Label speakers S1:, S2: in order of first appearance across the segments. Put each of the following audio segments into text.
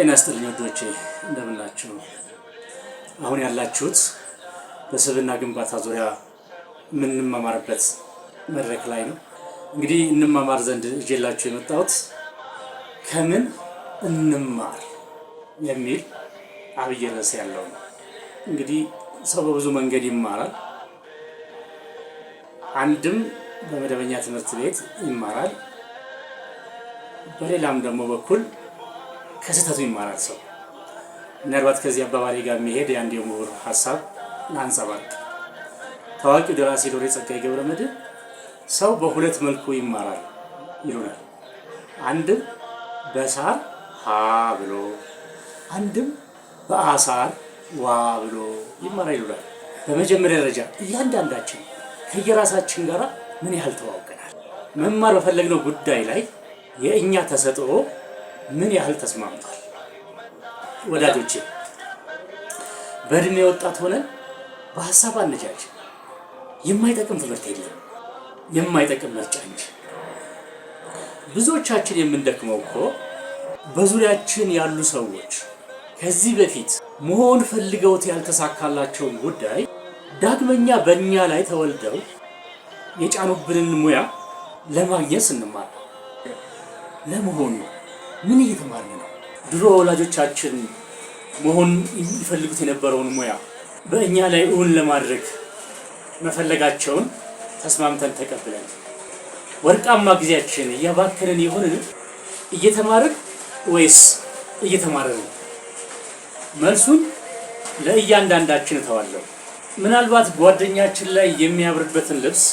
S1: ጤና ይስጥልኝ ወዶቼ እንደምናችሁ። አሁን ያላችሁት በስብዕና ግንባታ ዙሪያ የምንማማርበት መድረክ ላይ ነው። እንግዲህ እንማማር ዘንድ እጄላችሁ የመጣሁት ከምን እንማር የሚል አብይ ርዕስ ያለው ነው። እንግዲህ ሰው በብዙ መንገድ ይማራል። አንድም በመደበኛ ትምህርት ቤት ይማራል፣ በሌላም ደግሞ በኩል ከስህተቱ ይማራል ሰው። ምናልባት ከዚህ አባባሌ ጋር የሚሄድ የአንድ የምሁር ሀሳብ ላንጸባርቅ። ታዋቂው ደራሲ ዶሬ ጸጋዬ ገብረ መድኅን ሰው በሁለት መልኩ ይማራል ይሉናል። አንድም በሳር ሀ ብሎ፣ አንድም በአሳር ዋ ብሎ ይማራል ይሉናል። በመጀመሪያ ደረጃ እያንዳንዳችን ከየራሳችን ጋር ምን ያህል ተዋውቀናል? መማር በፈለግነው ጉዳይ ላይ የእኛ ተሰጥኦ ምን ያህል ተስማምቷል? ወዳጆቼ በእድሜ ወጣት ሆነን በሀሳብ አነጃጅ የማይጠቅም ትምህርት የለም፣ የማይጠቅም ምርጫ እንጂ። ብዙዎቻችን የምንደክመው እኮ በዙሪያችን ያሉ ሰዎች ከዚህ በፊት መሆን ፈልገውት ያልተሳካላቸውን ጉዳይ ዳግመኛ በእኛ ላይ ተወልደው የጫኑብንን ሙያ ለማግኘት ስንማር ለመሆኑ ምን እየተማርን ነው? ድሮ ወላጆቻችን መሆን ይፈልጉት የነበረውን ሙያ በእኛ ላይ እውን ለማድረግ መፈለጋቸውን ተስማምተን ተቀብለን ወርቃማ ጊዜያችን እያባከንን የሆንን እየተማርን ወይስ እየተማረን? መልሱን ለእያንዳንዳችን እተዋለሁ። ምናልባት ጓደኛችን ላይ የሚያብርበትን ልብስ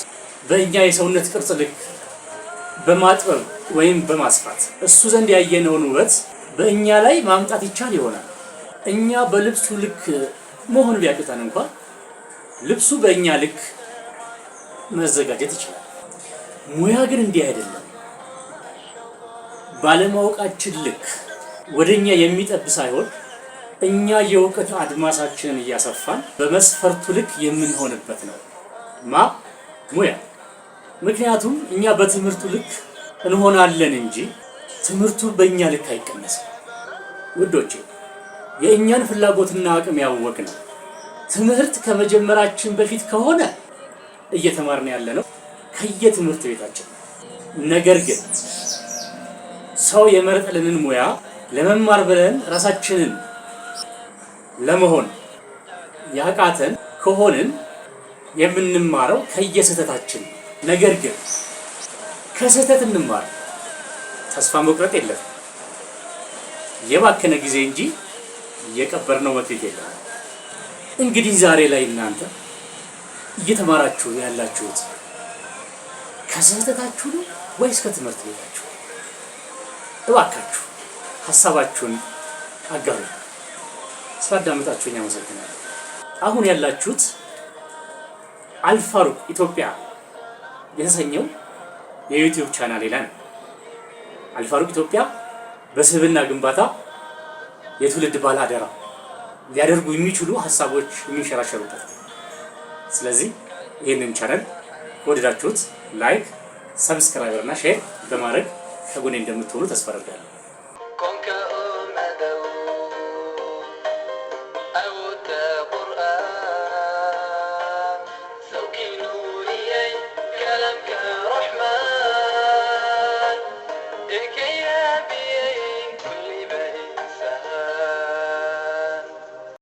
S1: በእኛ የሰውነት ቅርጽ ልክ በማጥበብ ወይም በማስፋት እሱ ዘንድ ያየነውን ውበት በእኛ ላይ ማምጣት ይቻል ይሆናል። እኛ በልብሱ ልክ መሆኑ ቢያቅተን እንኳን ልብሱ በእኛ ልክ መዘጋጀት ይችላል። ሙያ ግን እንዲህ አይደለም። ባለማወቃችን ልክ ወደ እኛ የሚጠብ ሳይሆን እኛ የእውቀት አድማሳችንን እያሰፋን በመስፈርቱ ልክ የምንሆንበት ነው ማ ሙያ ምክንያቱም እኛ በትምህርቱ ልክ እንሆናለን እንጂ ትምህርቱ በእኛ ልክ አይቀነስም። ውዶቼ የእኛን ፍላጎትና አቅም ያወቅ ነው። ትምህርት ከመጀመራችን በፊት ከሆነ እየተማርን ያለ ነው ከየትምህርት ቤታችን። ነገር ግን ሰው የመረጠልንን ሙያ ለመማር ብለን ራሳችንን ለመሆን ያቃተን ከሆንን የምንማረው ከየስህተታችን ነገር ግን ከስህተት እንማር። ተስፋ መቁረጥ የለም። የባከነ ጊዜ እንጂ የቀበርነው መክሊት የለም። እንግዲህ ዛሬ ላይ እናንተ እየተማራችሁ ያላችሁት ከስህተታችሁ ነው ወይስ ከትምህርት ቤታችሁ? እባካችሁ ሀሳባችሁን አጋሩ። ስላዳመጣችሁኝ አመሰግናለሁ። አሁን ያላችሁት አልፋሩቅ ኢትዮጵያ የተሰኘው የዩቲዩብ ቻናል ላይ ነው። አልፋሩቅ ኢትዮጵያ በስብና ግንባታ የትውልድ አደራ ሊያደርጉ የሚችሉ ሀሳቦች የሚንሸራሸሩበት። ስለዚህ ይህንን ቻናል ከወደዳችሁት ላይክ፣ ሰብስክራይበር እና ሼር በማድረግ ከጎኔ እንደምትሆኑ ተስፋ አደርጋለሁ።